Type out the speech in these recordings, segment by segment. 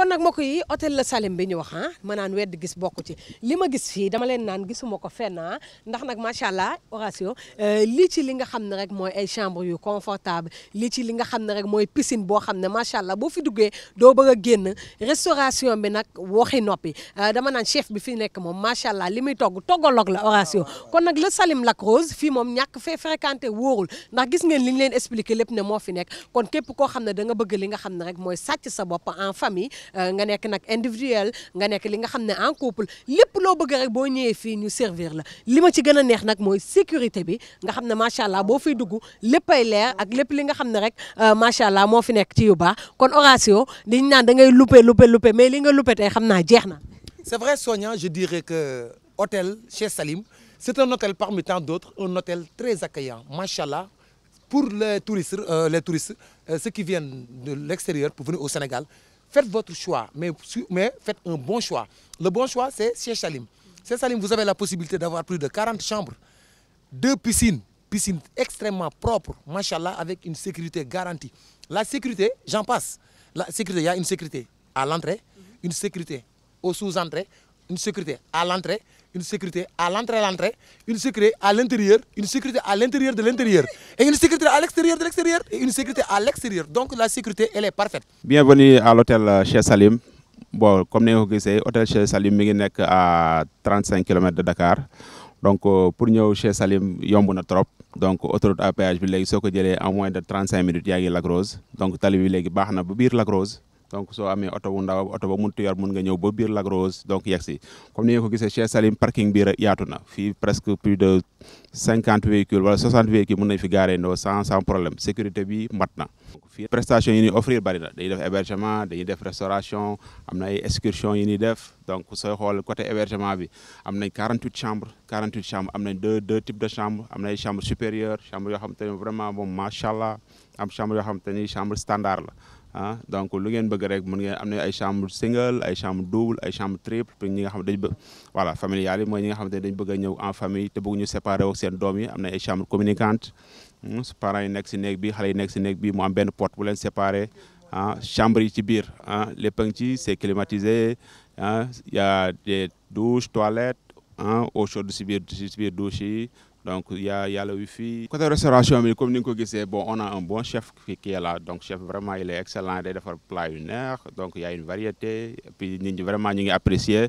kon nag mbokk yi hôtel la Salem bi ñu wax ah ma naan wedd gis bokk ci li ma gis fii dama leen naan gisuma ko fenn ah, ndax nag macha allah Horatio euh, lii ci li nga xam ne rek mooy ay yu confortable lii ci li nga xam ne rek mooy piscine boo xam ne macha allah boo fi duggee doo bëgg génn restauration bi nag waxi noppi euh, dama naan chef bi fi nekk moom macha allah li muy togg toggaloog la Horatio kon nag la Salem Lac fii moom ñàkk fee fréquenté wóorul ndax gis ngeen li ñu leen expliqué lépp ne moo fi nekk kon képp koo xam ne da nga bëgg li nga xam ne rek mooy sàcc sa bopp en famille Euh, nga nek nak individuel nga nek li nga xamné en couple lepp lo bëgg rek bo ñëwé fi ñu servir la li ma ci gëna neex nak moy sécurité bi nga xamné ne macha allah boo fiy dugg léppay leer ak lepp li nga xamné ne rek euh, macha allah moo fi nekk ci yu ba kon Horatio liñ naan da ngay loupé loupé loupé mais li nga loupé tay xamna naa c'est vrai Sonia je dirais que hôtel chez Salim c'est un hôtel parmi tant d'autres un hôtel très accueillant macha pour les touristes euh, les touristes euh, ceux qui viennent de l'extérieur pour venir au Sénégal. Faites votre choix, mais, mais faites un bon choix. Le bon choix, c'est chez Salim. Chez Salim, vous avez la possibilité d'avoir plus de 40 chambres, deux piscines, piscines extrêmement propres, machallah, avec une sécurité garantie. La sécurité, j'en passe. La sécurité, il y a une sécurité à l'entrée, une sécurité aux sous-entrées, une sécurité à l'entrée, une sécurité à l'entrée à l'entrée, une sécurité à l'intérieur, une sécurité à l'intérieur de l'intérieur, et une sécurité à l'extérieur de l'extérieur, et une sécurité à l'extérieur. Donc la sécurité, elle est parfaite. Bienvenue à l'hôtel Chez Salim. Bon, comme nous le savez, l'hôtel Chez Salim est à 35 km de Dakar. donc euh, pour nous chez Salim il y trop donc autoroute à péage bi léegi soo qui est en moins de 35 minutes y la donc il y a la na donc so y auto bu auto oto ba muntu yor mën nga ñëw ba biir Lac Rose donc yexi comme ni nga ko gisee Cheikh Salim parking bi yaatu na presque plus de 50 véhicules wala 60 véhicules qui nañ fi garé sans sans problème sécurité bi mat na. Les prestation yi ñuy offrir bari na hébergements, def hébergement dañuy def restauration am excursion yi donc xool côté hébergement bi am nañ 48 chambres 48 chambres am deux deux types de chambres am nañ chambre supérieure chambre yo xam qui vraiment bon, machallah am chambre yo xam chambre standard la ah donc lu ngeen bëgg rek mën ngeen am ay chambre single ay chambre double ay chambre triple pour ñi nga xam dañ bëgg voilà familiale yi mooy ñi nga xamante ne dañ bëgg a ñëw en famille te bëgg ñu séparer ak seen doom yi am na ay chambre communicante hmm, parents yi nekk si néeg bi xale yi nekk si néeg bi mu am benn porte bu leen séparer ah chambre yi ci biir ah lépp a ngi ci c'est climatisé ah y a des douches toilettes ah eau chaude si biir si biir douche yi donc, il y a, y a, le Wi-Fi. Côté restauration, comme nous le bon, on a un bon chef qui est là. Donc, chef, vraiment, il est excellent. Il a fait plat une heure. Donc, il y a une variété. Et puis, nous, vraiment, nous apprécié.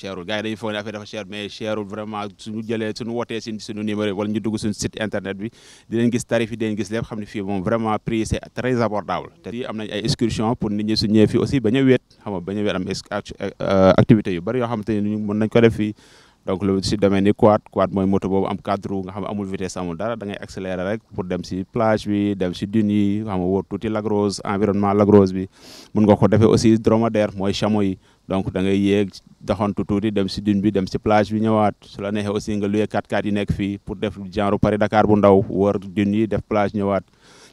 cherul gars yi dañuy foog ne affaire dafa cher mais cherul vraiment suñu jëlee suñu woté si suñu numéro wala ñu dugg suñu site internet bi di dinañ gis tarif yi dinañ gis lépp xam fi fii vraiment prix c'est très abordable té fii am nañ ay excursion pour nit ñi su ñëwee fi aussi baña a xam nga baña a am euh, activité yu bari yo xamante ñu mën nañ ko def fi donc le site domaine ni quad quad moy moto bobu am cadre nga xam amul vitesse amul dara da ngay accélérer rek pour dem ci plage bi dem ci dune yi xam nga wóor touti Lac environnement Lac bi mun nga ko defee aussi dromadaire moy chameau yi donc da ngay yegg doxantu tuuti dem si dune bi dem si plage bi ñëwaat su la neexee aussi nga luye 4 4 yi nekk fii pour def genre Paris Dakar bu ndaw wër dune yi def plage ñëwaat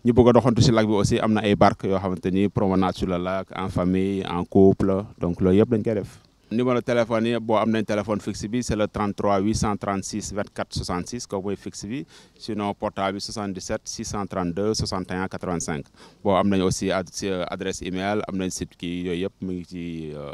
ñu bëgg a doxantu si lac bi aussi am na ay barque yoo xamante ni promenade sur le lac en famille en couple donc loolu yëpp dañ koy def. numéro téléphone yi boo am nañ téléphone fixe bi c' est le 33 836 24 66 kooku mooy fixe bi sinon portable bi 77 632 61 85 boo am nañ aussi euh, adresse email am nañ site kii yooyu yëpp mu ngi ci. Euh,